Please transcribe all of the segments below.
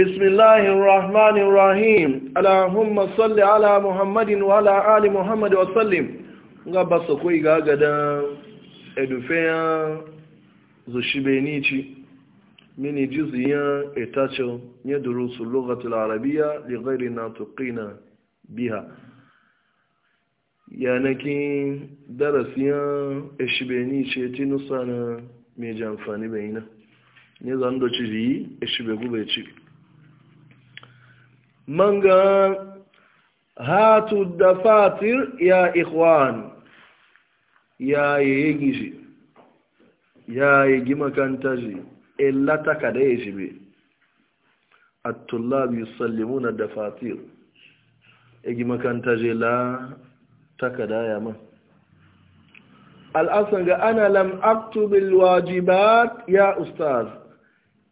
بسم الله الرحمن الرحيم اللهم صل على محمد وعلى ال محمد وسلم غبا سكوي غاغدا ادوفيا زشبينيتي من جزيا اتاتشو يدرس اللغه العربيه لغير ناطقين بها yanaki darasiyan eshibeni ce tinusa na mai jamfani bayina ne zan doci yi eshibe gube ci مانغا هاتو الدفاتر يا إخوان يا إيجيزي يا إيجي مكانتازي إلا تكاديزي بي الطلاب يسلمون الدفاتر إيجي مكانتازي لا تكادايا ما الأصل أنا لم أكتب الواجبات يا أستاذ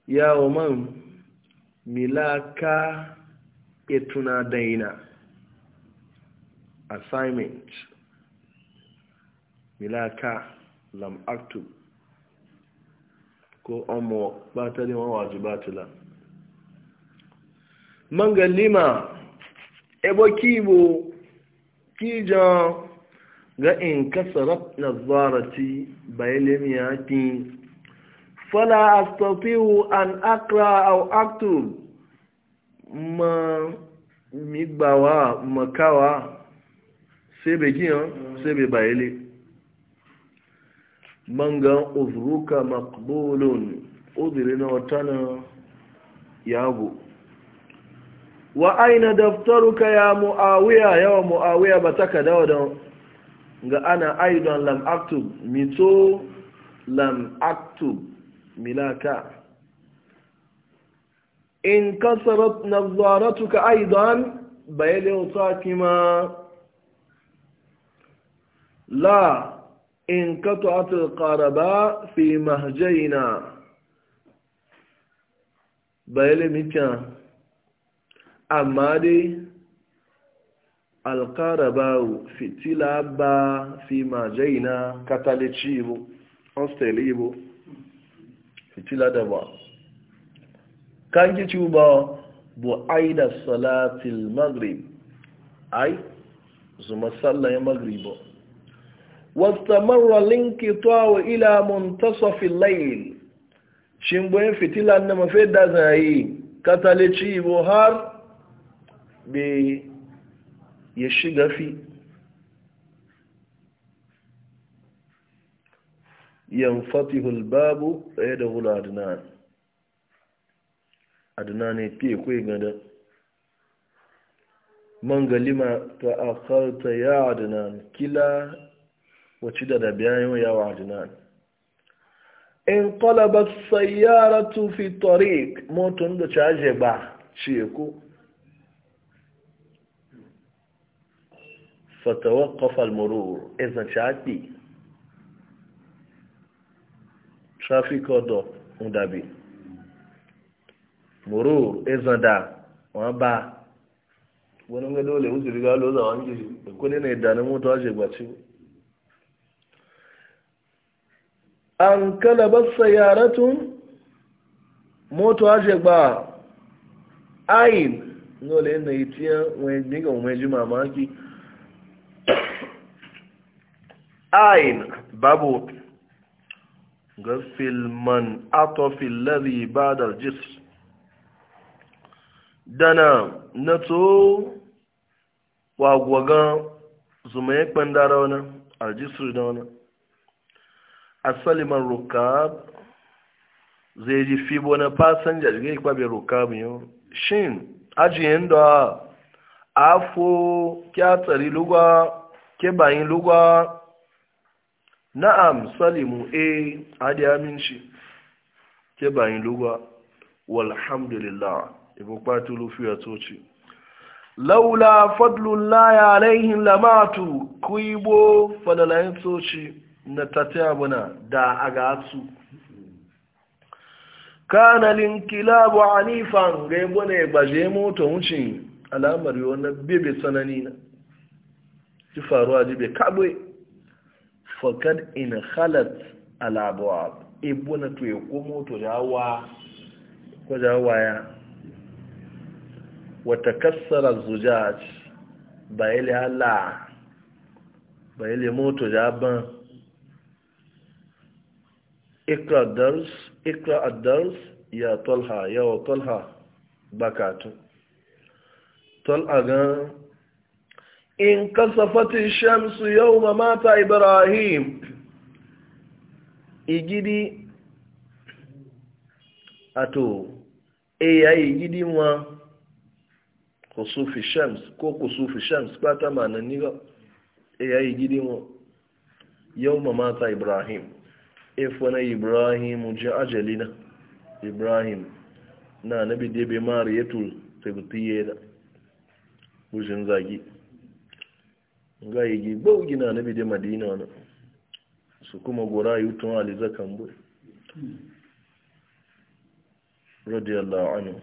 يا أمام ملاكا ituna daina assignment milaka lam aktu ko omo ba ta neman wajibatula mangan lima ebo kibo kijan ga in kasarar nazarati bayanin yakin fala astatihu an akra au aktub ma migbawa makawa sai bai giyan sai bai bayele mangan uzruka makbulun uzuri na otana yago wa aina daftaruka ya mu'awiya yawa mu'awiya ba ta kadawa don ga ana aidan lam aktub mito lam aktub milaka in kasarat nazaratuka aidan bayele ma la in qata'at alqaraba fi mahjayna bayele mikan amma dai alqaraba fitila ba fi mahjayna katalichibo hostelibo fitila da ba kanki cuba bu aida salatil maghrib ai zuma sallah ya sallaye maghribo wastamarra linkitawa ila muntasafil layl shimboyin fitilan na mafi da zai katalici bo har be ya shiga fi yanfatihul babu ɗaya da huladnan aduna ne fiye kuwa gada man galima ta akarta ya aduna kila wacce da dabiyayen yawa aduna in kalabar sayyara tufi tariq motun da caje ba ce ku فتوقف المرور اذا شعبي ترافيك ودو mudabi muru ezada wọn ba wani ga dole wuce riga loza wani gizi da mota wace gbaci an kalabar sayaratun mota wace gba ayin dole na yi tiya wani diga mamaki ayin babu ga filman atofin lari dana na to wagwagan zumaye kpandara wani aljisir da wani saliman rukab zai ji fibo na fasanja jirgin ikpabe rukab yau shin ajiyen da afo kyatsari lugwa kebayin lugwa na'am salimu e adi aminci kebayin lugwa walhamdulillah ibo kwatu a tsoci laula fadlullahi alaihim lamatu kuibo fadalayin tsoci na tatabuna da agatsu kana kilabu anifan ga yabo ne gbaje mota wucin alamar yi bebe sanani na ti faruwa jibe kabe fakad in halat alabuwa ibo na tuye ko moto jawa ko jawa ya wata kassara zujaj ba ile hala ba ile moto ban. ikra addars ya tolha yawa tolha bakatu tolha gan in kasafati shamsu yau mamata ibrahim igidi ato eya igidi wọn kusufi shams ko kusufi shams ba ta manan ni ga e eh, yayi gidi mu yawma mata ibrahim e fona ibrahim ji ajalina ibrahim na nabi debe mariyatul tabtiye da bujin zagi ga yi na gina nabi de madina na. su kuma gora yutun alizakan bu radiyallahu anhu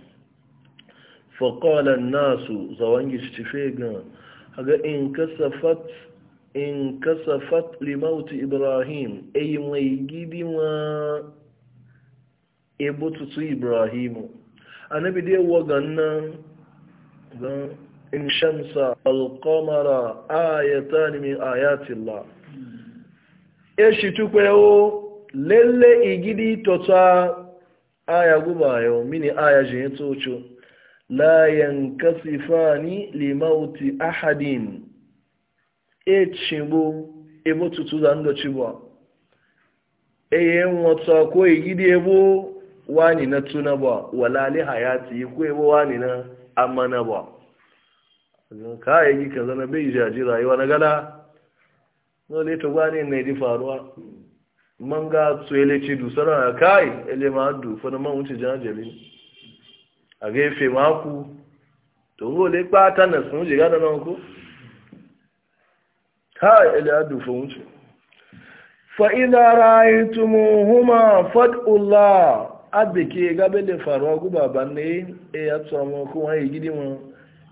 faƙalar nasu zawon gishife gan haga in kasafat in limauti ibrahim eyi mai gidi ma ebo Ibrahimu. ibrahimu annabi dai wagan nan gan in shamsa alƙamara ayatan min ayatillah Ya shi tukwayo lalle igidi tota aya guba ya, mini aya jini tsocho la yankasifani li mauti ahadin echigbo ebe tutu da ndochibwa eye nwata ko igidi e ebo wani na tuna walali wala li hayati e ko ebo wani na amana ba ka yi e kaza na bai aji rayuwa na gada no le to gwani ne di faruwa manga tsuele ci dusara kai ele ma du fa na man wuce jajeli a ga efe maku to go le pata na sun je gada na ko ha ila adu fa wuce fa idza ra'aytumuhuma fad'ullah abike gabe le faruwa guba banne e ya tsomo ko wa yigidi mu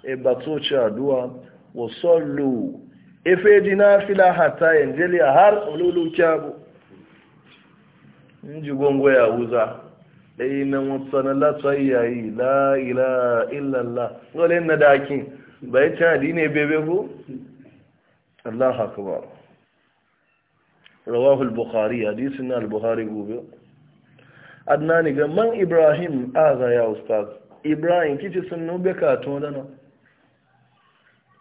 e batu cha adua wa sallu efe dina fila hata yanjeli har olulu kyabu nji gongo ya uza dai na mutsana la tsayayi la ila illallah ngole na daki bai ta dine bebe ko Allahu akbar rawahu al-bukhari hadisi na al-bukhari gobe adnani ga man ibrahim aza ya ustaz ibrahim kici sunnu be ka to dana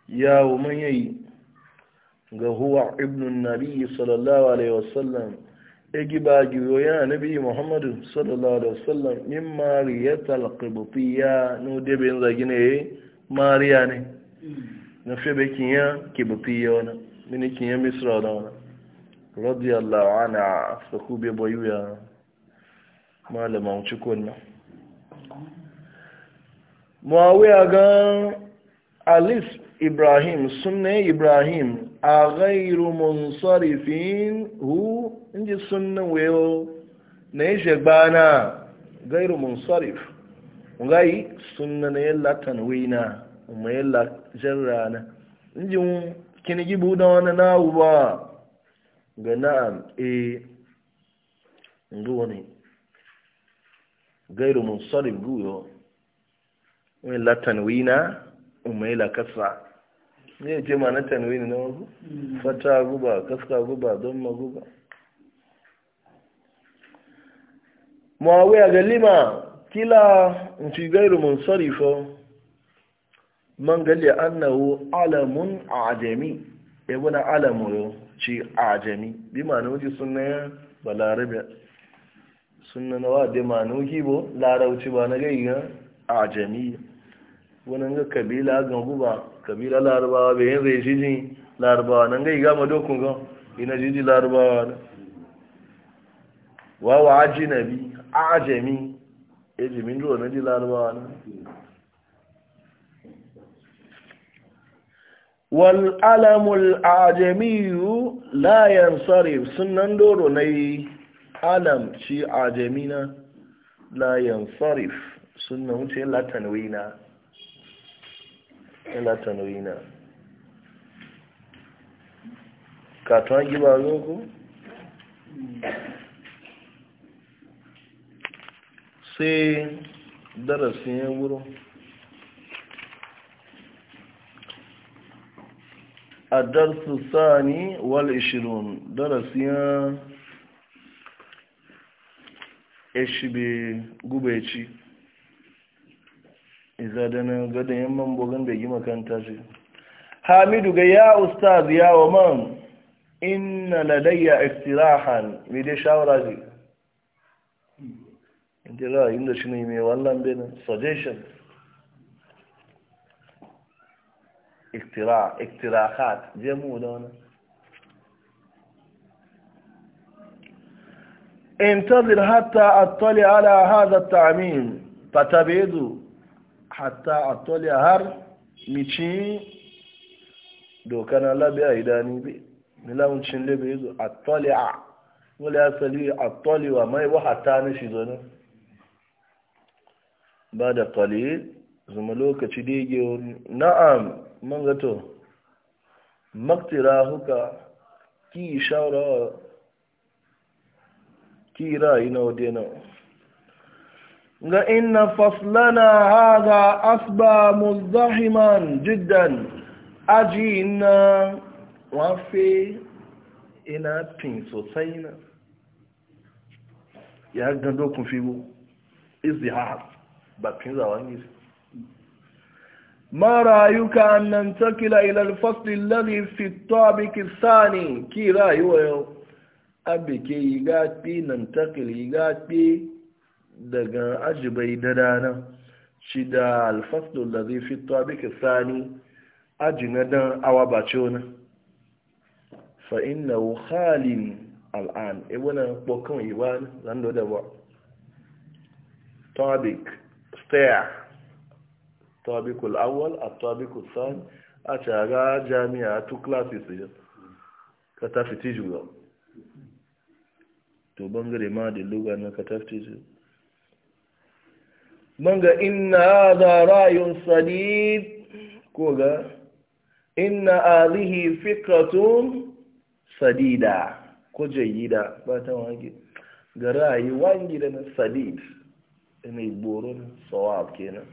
yawo man yayi ga huwa ibnu nabi sallallahu alaihi wasallam egiba giyo ya nabi muhammadu sallallahu alaihi wasallam min mariyatal qibtiyya no de ben zagine e, mariya ne na febe kinya qibtiyya wana mini kinya misra da radiyallahu anha faku be boyuya malama cikon nan muawiya ga alis ibrahim sunne ibrahim a ghairu munsarifin hu in ji sunan wayo na yi shagbana ghairu munsarif Ngai sunan na yalla tanwina ma yalla jarrana in ji kini gibu da wani nawu ba ga na'am e ndu wani ghairu munsarif guyo wani latanwina ma yalla kasa ne ce ma na ne na wagu mm. fata guba kaska guba don maguba muawiya ga galima, kila nci gairu mun sarifo man gali annahu alamun ajami yabo e na alamun ci ajami bi ma na wuce suna ya balarabe suna na wade ma na wuki bo larauci ba na gaiga ajami wani ga kabila ga guba kabila larabawa bai yin zai jijin larabawa nan gai gama dokun gan ina jiji larabawa na wawa aji na bi ajami ejimin ruwa na ji larabawa na wal'alamul ajamiyu layan sun nan doro na yi alam ci ajamina layan sarif nan wuce latanwina ina ila tanwina katon giba zoku sai darasin ya wuro a darsu sani wal ishirun darasin ya gube ci iza da na gada yamman bogan da yi makanta ce hamidu ga ya ustaz ya wa man inna ladayya istirahan mi dai shawara ce inda ra'ayin da shi ne mai wallan benin suggestion اقتراح اقتراحات جمو دونا انتظر حتى اطلع على هذا التعميم فتبعده hatta a tole har mici doka na labe a idani be nilamuncin labe ya zo a tole a wale asali a tole wa mai wa hatta na shi zo nan ba da kalil zama lokaci da yake na'am man gato maktira huka ki shawara ki ra'ayi na wadena لأن فصلنا هذا أصبى مزدحما جدا أجينا وفي إنا تنسو سينا يهجن دوكم فيه إزدحار باكينزا وانيس ما رأيك أن ننتقل إلى الفصل الذي في الطابق الثاني كي رأيه أبي كي يغاتي ننتقل يغاتي daga ajibai da dana shi da alfasul da zai fito bika sani aji na dan awa ba ce wani fa inna khalin al'an ibuna e bokan iwan zando da ba tobik stair tabikul awwal a tobikul thani a ga jami'a two classes yau ka tafi tijuwa to bangare ma da lugar na ka tafi tijuwa manga ina hadha ra'yun sadid ko ga inna alihi fikratun sadida ko jayyida ba ta wange ga ra'ayi wange da na sadid mai boron kenan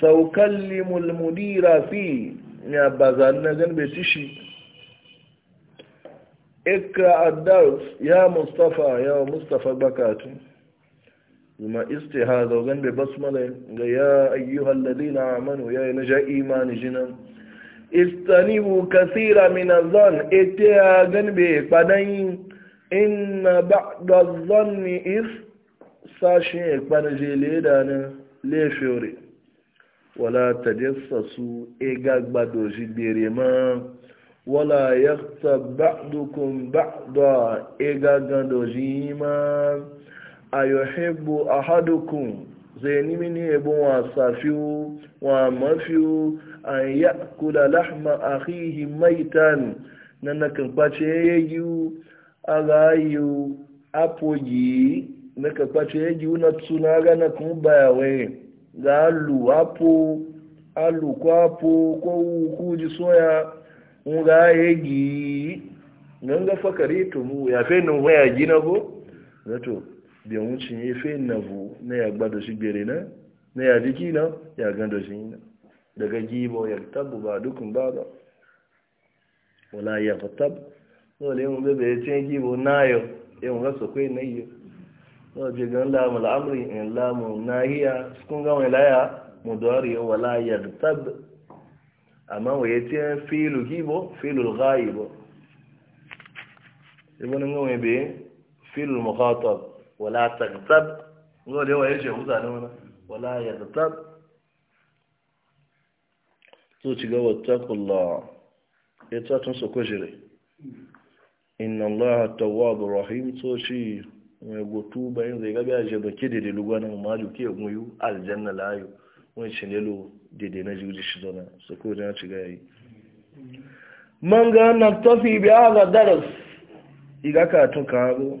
saukallimu almudira fi ya bazan na gan be ikra ad ya mustafa ya mustafa bakatu ma istihaza gan bai basmala ga ya ayyuhal ladina amanu ya yana ja imani jinan istanibu kasira min azan ete ya gan bai padan inna ba'da zanni is sashin ikpan jele da na lefeore wala tajassasu e gagbado jibere ma wala yaghtab ba'dukum ba'da e gagando jima ayohegbu ahadukun zai nimi ni ebun wa mafiwu an ya kula lahma ahihi maitan na na kankwace ya yi a rayu apoyi na kankwace ya yi na tsunaga na kun bayawai ga alu apo alu kwapo ko kuji soya n ga ya yi ganga fakari tumu ya fe nun waya gina go? zato bai wucin ya fe na bu na ya gbado shi bere na na ya jiki na ya gando shi daga gibo ya tabu ba dukun ba ba wala ya fatab dole yin bebe ya cin gibo na yau yin rasa kwai na yi yau gan lamu nahiya kun wala filu filu filu wala tagtab ngo da waye ce huza ne wala wala yagtab to ci ga wattaqullah ya ta tun so kujire inna Allah tawwabur rahim to ci mai gotu bayan zai gabi aje baki da lugu nan ma juke muyu aljanna layu wani ci ne lo dede na juji shi zona su ko da ci ga yi man ga na tafi bi ala daras iga ka tun ka hago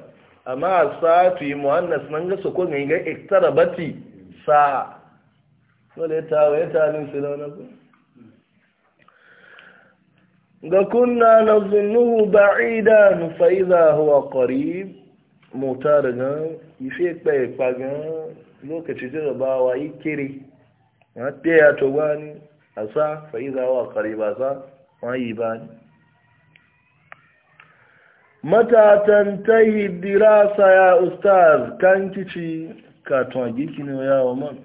amma sa'atu yi muhannas nan ga sokon ga ga iktarabati sa'a wala ta waye ta nin su da wannan ga kunna nazunnuhu ba'idan fa idha huwa qarib mutar ga ife pe paga lokaci jarabawa yi kiri ya te ya to wani asa fa idha huwa qarib sa wani bani mata tantahi dirasa ya ustaz kan kici katon gikini ya wa man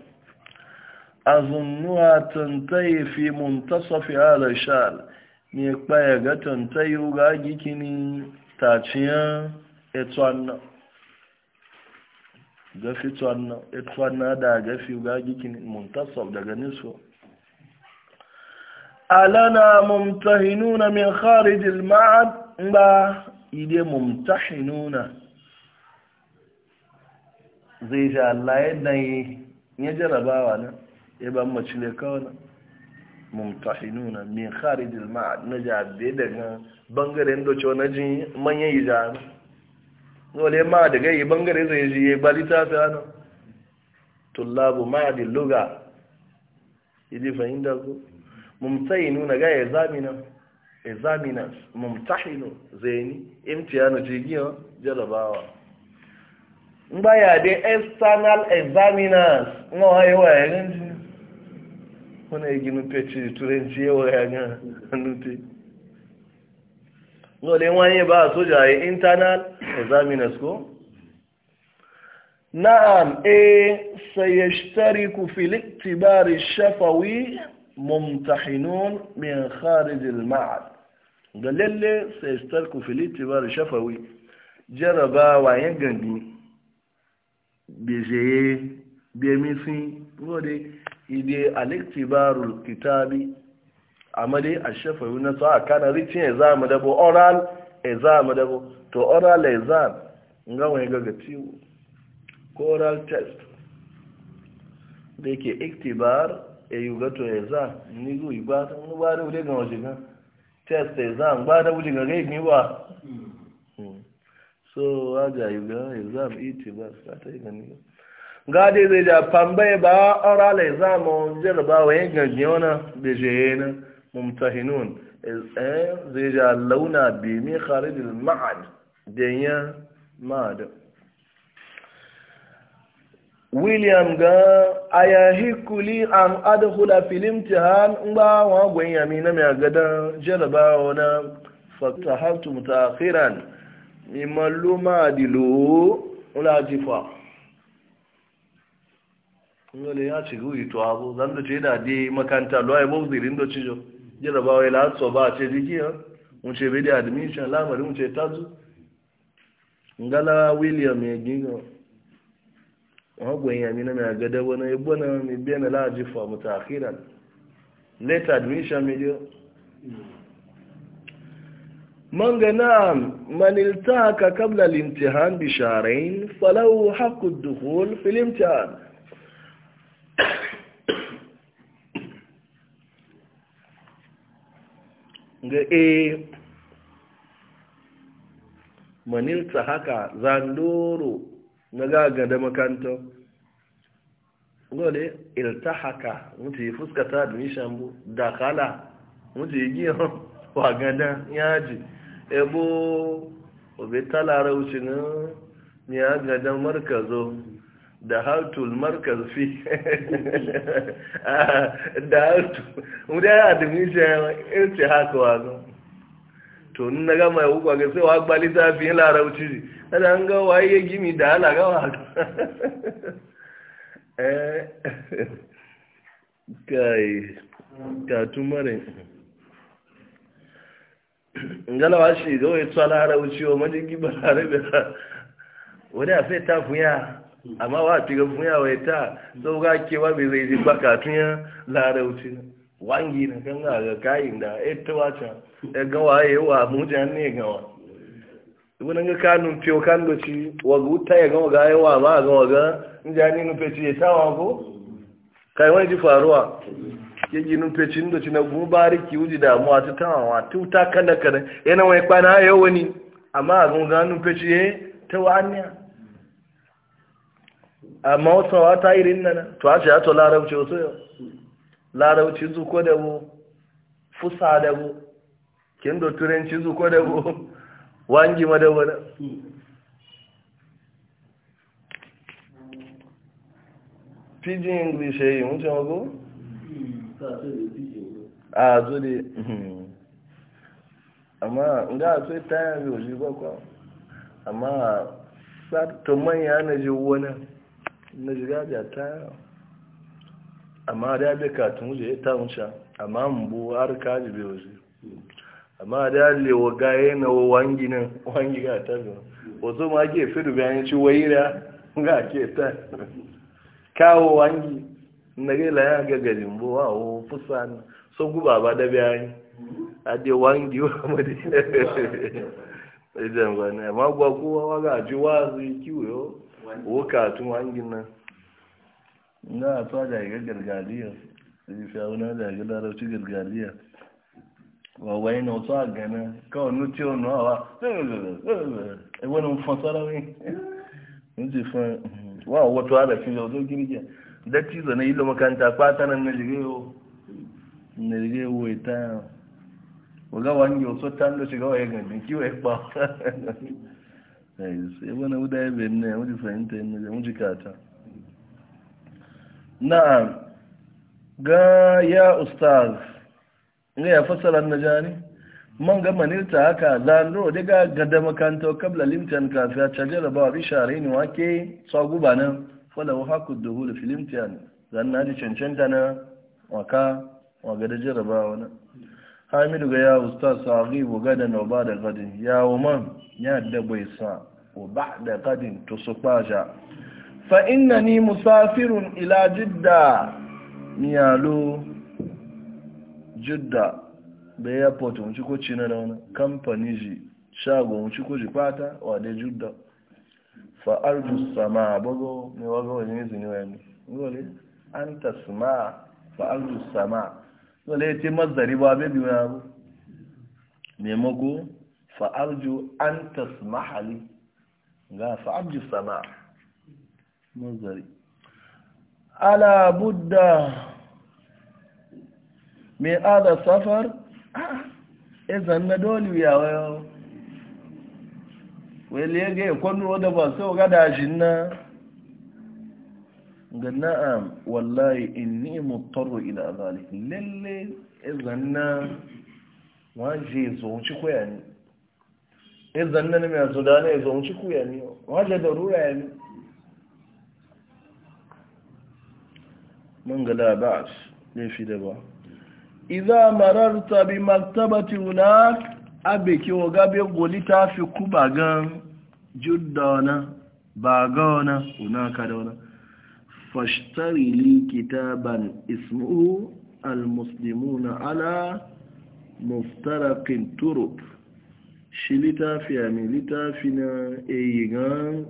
azunnuwa tantahi fi muntasafi ala shal ne kpaya ga tantahi ga gikini taciyan etuwanna gafi tuwanna etuwanna da gafi ga gikini muntasaf daga niso alana mumtahinuna min kharijil ma'ad ba ide mumtahinuna zai ji Allah yadda ya jarabawa nan ya ba macile kawai nan mumtahinuna min kharijil ma'ad na jabe daga bangaren doce na jin manyan yi jami wale ma daga yi bangare zai ji ya bali ta ta nan tullabu ma'adin luga idi fahimta ku mumtahinuna ga ya zami nan examiners mumtahinu zaini imtihanu jigiyo jarabawa ya de external examiners ngo hayo wa ngi kuna iginu pechi ture turenji ya nga nuti ngo le wani ba soja internal examiners ko na'am e sayashtariku fil iktibari shafawi mumtahinun min kharij al ma'ad ga lalle sai starku filitibar shafawi jarabawa yan gangi bejeye bemisin rode ide aliktibarul kitabi amma dai a shafawi na sa kana ritin exam da bo oral exam da bo to oral exam nga wani ga gatiwo ko oral test da yake iktibar e yugato exam ni go nubari tan ni ba ga wajen test exam ba da wuli ga gaibi ba hmm. so waja yi exam iti ba su ta yi gani gade ba oral exam jarabawa yin gajiya wani na mumtahinun eh, eh, zai da launa bimi kharijin ma'ad da william ga ayahikuli hikuli an adhula fil imtihan ngba wa gwenya mi na mi agada jaraba ona fatahaltu mutakhiran mi maluma dilu ula jifa ngole ya ci guyi to abu zan da ce da di makanta lo e ai bozirin do cijo jaraba wa ila so ba ce diki ha mun ce bi da admission lamarin mun ce tazu ngala william ya gingo magwai ya mina mai gada wani ya bana mai bena laji fa mutu akhiran late admission medio من غنام من التاك قبل الامتحان بشهرين فله حق الدخول في الامتحان ga manilta haka zandoro na a gada makanto gole haka mutu yi fuskata da nishambu da kala mutu yi giyan wagadan yaji ebo obe talara wuce na ya gada markazo da hartul markaz fi ah, da hartul mutu ya da nishan irce haka wazo to nina gama ya hukwa ga sai wa gbali ta fiye larauci ana an ga waye gimi da ala gawa eh kai ka tumare ngala wa shi ga wai tsala ra uci o maji giba ra ba wani a sai ta fuya amma wa ti ga fuya wai ta so ga ke wa bai zai baka tunya la ra uci wangi na kan ga kayin da eh ta wacha ga waye wa mu ne ga wani ga kanun fiyo kan doci waga wuta ya gama ga yawa ma a gama ga inji ya ninu feci ya tawa ko kai wani ji faruwa ya yi nun feci inda ci na gubari ki wuji damuwa ta tawa tuta kada kada yana wani kwana ya wani amma a gama ga nun feci ya ta wa anya amma wasu wa ta irin nan to a ce ya to larabci wasu yau larabci zuko da bu fusa da bu kin da turanci zuko da bu wangi madawana pidgin english zo mú amma wọ́n gó? ààzóde àmá ǹgá àtó ìtayàrí òjú gbọ́kọ́ àmá sátọ̀ mọ́yìn ánàjí owó náà nàìjíríà jà tayàrá ta adábẹ́kà tún amma ìtàunṣà har ka ji bẹ̀ òjú amma da yalle wa gaye na wangi nan wangi ga ta zo wasu ma ke fidu bayan ci waira ga ke ta kawo wangi na ga la ya ga gajin bo wa o fusan so guba ba da bayan ade wangi wa mu de idan ba ne amma gwa kowa wa ga ji su kiwo wo ka tun wangi nan na ta da ga gargaliya sai fa wani da ga larabci gargaliya wọ̀wọ̀ iná ọ̀tọ́ àgànà kọ́ọ̀nú tí ó nù àwá ẹwọ́n hmm, ní fún sọ́lọ́wí ní ti fún wọ́n àwọ̀ tó ààrẹ fi ọ̀tọ́ gírígà dẹ́tí ìzọ̀nà ilé makanta pátánà nàìjíríà owó ìta ọ̀gáwà ní ọ̀tọ́ tán ló ṣe gáwà ẹgbẹ̀n ní kí wẹ́ pa ẹwọ́n ní ọdá ẹgbẹ̀ ní ẹwọ́n ti ní ne ya fasara jani man ga manilta haka zanro daga gada makanto kabla limtan kafi a cajar ba bi share ne wake tsaguba nan falawo haku da zan na ji cancanta na waka wa gada jaraba wani hamidu ga ya ustaz sahibu gada na ba da gadin ya man ya da sa wa ba da gadin to su kwasha fa ni musafirun ila jidda miyalo jidda da airport wuce ko cina da wani kamfani ji shagon wuce ko ji fata wade jidda fa arju sama bago ne waga wani izini wa yanzu gole an ta sama fa arju sama dole ce mazari ba bai biyu na bu mago fa arju an ta sama hali ga fa arju sama mazari ala budda Me ada safar e zanna na dole ya wayo wele ya gaya kwanu da ba sau gada shi na ga na'am wallahi in ni ila zalik lalle ezan eh, eh, na waje zonci koya ne mai na da ne ya ci koya ne waje da darura ya ni? mun ga labas laifi da ba iza mararta bi maktabati wuna a beke wa gabe goli ta fi ku ba gan judda ba fashtari li kitaban ala muftarakin turuk shi litafi a mai littafi na gan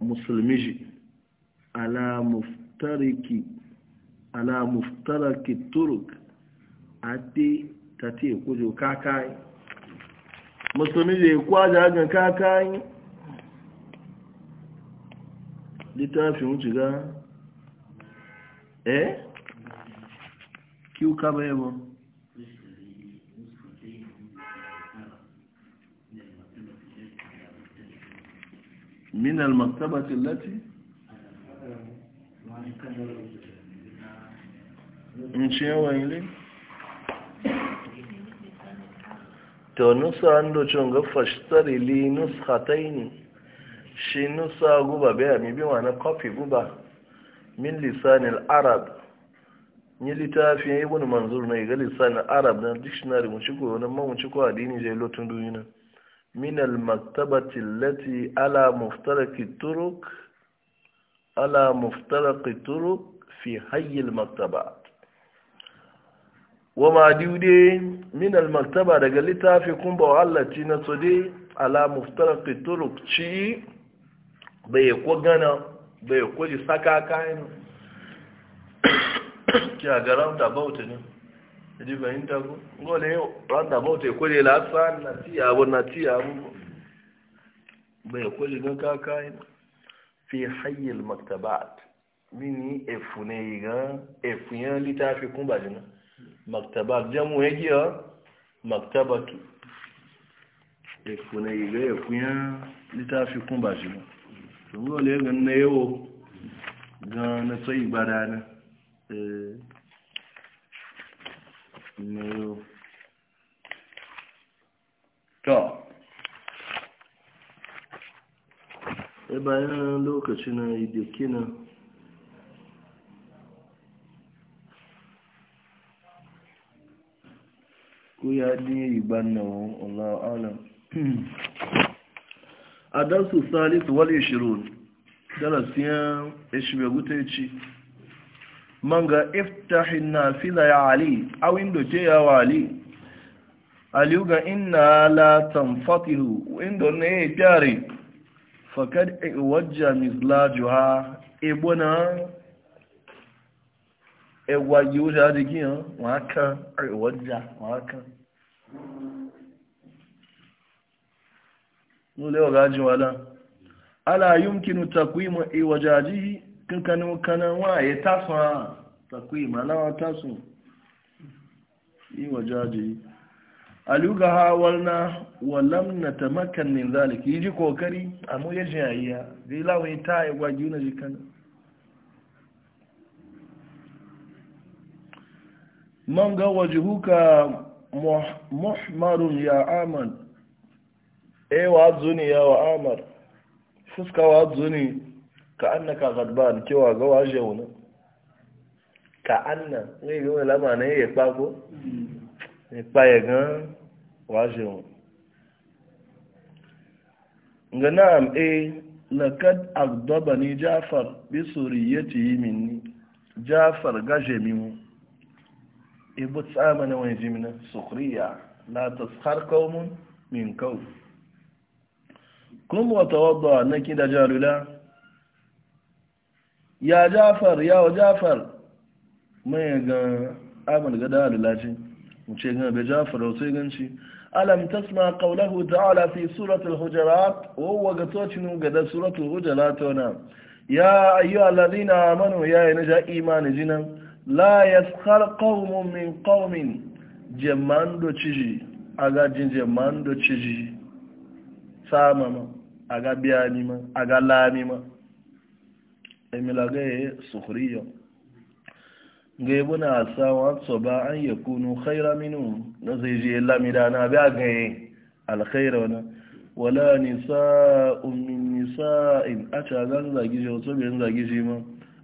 musulmi ala muftariki ala muftaraki a ati tati kujo kakai musulmi zai kwaja hagan kakai littafin shiga eh kiw kaba yabo من المكتبة التي nci yawan ile to nusa an docin ga fashtari li nushatai ne shi nusa guba bai mi biwa na kofi guba min lisanin arab ni yi ibn manzur na ga lisanin arab na dictionary mun ci ko nan ma mun ko addini je lotun duniya min al maktabati ala muftaraki turuk ala muftaraki turuk fi hayy maktaba wa ma diude min almaktaba daga littafi kun ba wallaci na tsode ala muftaraki turuk ci bai ko gana bai ko ji saka kayan ki a ga ne gole na tiya abu na tiya abu bai ko ji fi hayyar mini ga littafi kun ba jina maktaba jamu ya giya maktabatu ya kuna yi ga ya kuya littafi kun ba shi ba sun zo ne ga na yawo ga na tsayi ba dana na yawo to e bayan lokaci na idekina ko ya dinye yi banna wa Allah alam a darsu salisu wal ishirun darasiyan ishbegutaici man ga na nafila ya ali windo doke ya wa ali aliyu ga ina la tamfatihu inda ne ya gyare fakad wajja mislajuwa ebona ẹwà yíó dáadé kí hàn wọ́n á kán àríwọ́já wọ́n á kán lólé ọ̀gá jí wà náà aláyúmkínú takwímọ̀ ìwọ̀já jí kankanú kanan wọ́n àyè tásùn à ìmọ̀ aláwọ̀ tásùn ìwọ̀já jí aluga hawar na walam na tamakan min zaliki yi ji kokari a mu yajin ayyá zai lawai ta aigwa gina jikanin man ga wajihuka muhmarun ya amal ewa zuni ya wa amal fuska wa zuni ka annaka gadban cewa ga waje wani ka anna ne ga wani lama na ya pa ko ya pa ya gan waje wani ga na'am eh lakad agdabani jafar bi suriyati minni jafar gaje minni ibu tsama na wani jimina sukuriya na ta har kaumun min kawu. kuma wata wadda na kida jalula ya jafar ya wa jafar mai ga amal ga dalula ce wuce gana bai jafar wasu ganci alam tasma qawlahu ta'ala fi suratul hujurat wa huwa gatocinu ga da suratul hujurat wana ya ayyuhal ladina amanu ya yi yana ja imani jinan la yaskhar qaumun min qaumin jama'an do ciji aga jin jama'an do ciji sama ma biya biyani ma aga lami ma emilagaye sukhriyo ngaybu na asawa soba an yi yakunu khayra minu na zai je lamida na biya gaye alkhaira wana wala nisa'un min nisa'in a ta zan zagi je wato bayan zagi je ma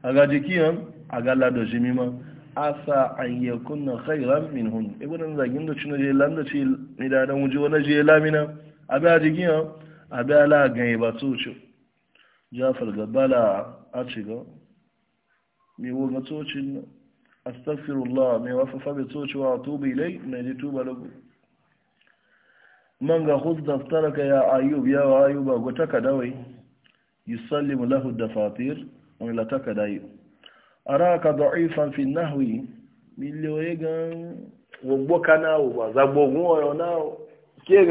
a ga jikiyan a ga lada shi mima sa an yi kunna khairan min hun ibinan zagin da cinu je landa ce ni da dan wuji wani je lamina a biya jikiyan a ala la ganye ba su ce jafar gabala a ci ga mai woga tsocin astagfirullah mai wafafa bai wa? tuba lai, mai ji tuba lagu man ga hus ka ya ayyub ya wa ayyuba gwata ka dawai yusallimu lahu fatir wani lataka da yi a fi nahwi miliyoyi gan gbogbo ka nawo ba zagbogun oyo ya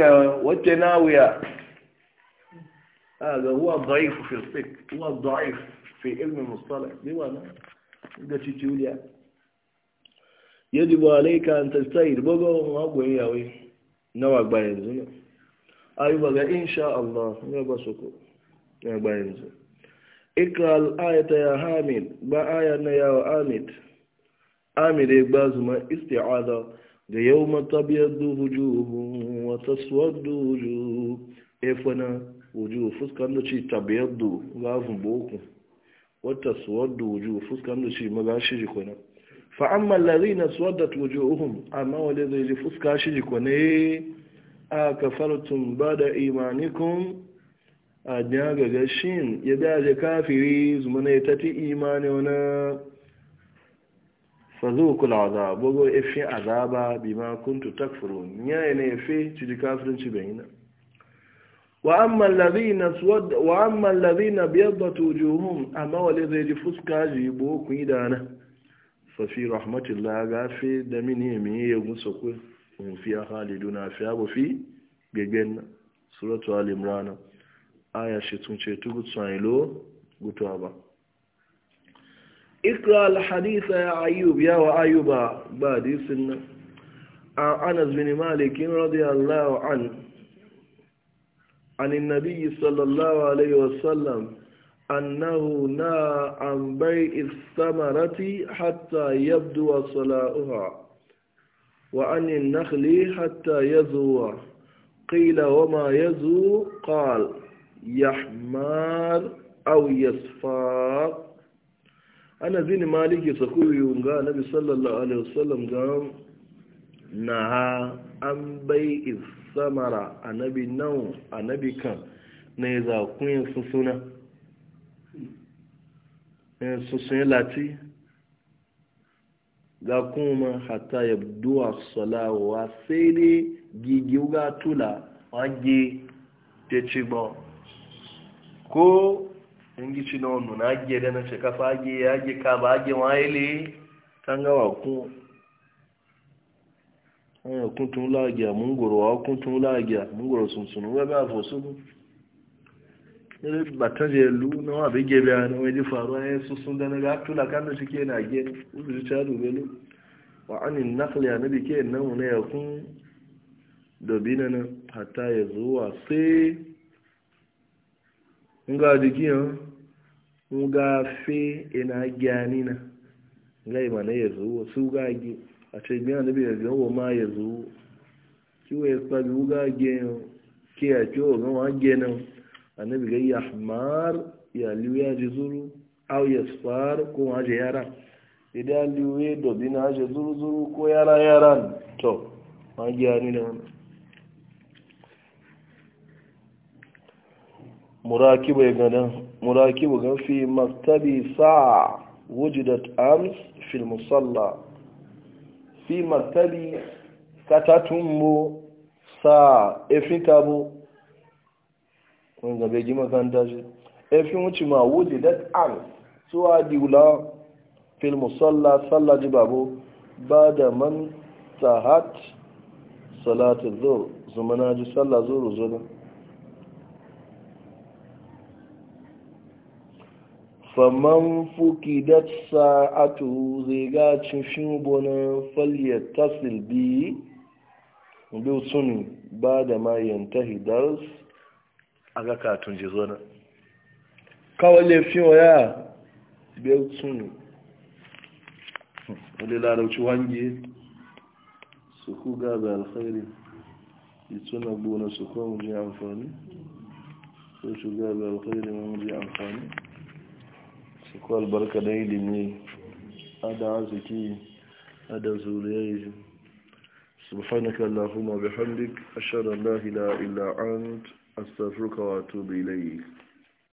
ga huwa da'if fi fiqh huwa da'if fi ilmi mustalah bi wana ga tituliya yajibu alayka an tajtahid bogo ma goyi yawe nawa gba yanzu ne ikra ayata ya hamid ba aya na yawa amid amid e gba zuma isti'ada ga yau matabiyar duhuju wata suwaddu wuju efana wuju fuskan da ci tabiyar du gafin boku wata suwaddu wuju fuskan da ci magashi shi jikuna fa'amman lari na suwaddat wuju uhun amma wale zai ji fuska shi jikuna a kafartun ba da imanikun a ga gashin ya daje kafiri zumana ya tafi imani wani fazokul azab bugu fi azaba bima kuntu takfuru ya ne efi ciji kafirinci bayina wa amma alladhina na biyar amma alladhina biyaddat wujuhum zai ji fuska jibo ku idana fafi fi rahmatillah gafi da mini mi ya gusa ku in fi na fi abu fi gaggen suratu al aya shi tun ce tu gutsan ilo gutuwa ba ikra al alhadisa ya ayub ya wa ayuba ba hadisin nan an anas bin malik radiyallahu an عن النبي صلى الله عليه وسلم أنه نهى عن بيع الثمرة حتى يبدو صلاؤها وعن النخل حتى يزوى قيل وما يزو قال yahmar aw yasfar ana bin maliki sakuyu ga nabi sallallahu alaihi wasallam ga naha an bai samara annabi nan nabi kan ne za ku yin susuna in susun lati ga kuma hatta yabduwa salawa sai dai gigi ga tula wage te ci gbọ́ ko ngici na onu na age da na shekafa ya age ka ba age waile kan ga wa ku eh kun tun la age mun goro wa kun tun la age mun goro sun sun wa ba fo ne ba ta je lu na wa be ge a na wai faru ne su sun da na ga tula kan da shike na age ubi ta du belu wa anin naqli anabi ke nan ne ya kun dobina na hatta ya zuwa sai nga jikin nga fe ina gyani na nga ima na yezu zuwa su ga gi a ebi biya na biya biya wa ma ya zuwa kiwa ya sabi wuga gyan ke ya kiwa ga wa gyanin annabi ga ya hamar ya liyu ya ji zuru au ya sfar ko wa je yara idan e liyu ya dobi na je zuru zuru ko yara yara to ma gyani na wani murakibu ya gan fi maktabi sa'a wujidat ams fil musalla fi maktabi katatumbo sa'a efin tabo wuce ma wujidat ams suwa diula fil musalla salla ji babo ba da man tahat salatul zuhr zumana ji salla zuhr zuhr faman fukidat sa'atu zai ga cin shimbonin falyar tasir biyi biyu sun ba da mayan ta hidars a ga katun jizona kawai laifin waya biyu sun wadda larauci wange su ku gaba alkhairi ituna gona su kuma ji amfani su shugaba alkhairi mun ji amfani ko albarka da ilimi a da arziki a da zuriyar yi subhanaka Allahumma bihamdik ashhadu an la ilaha illa ant astaghfiruka wa atubu ilayk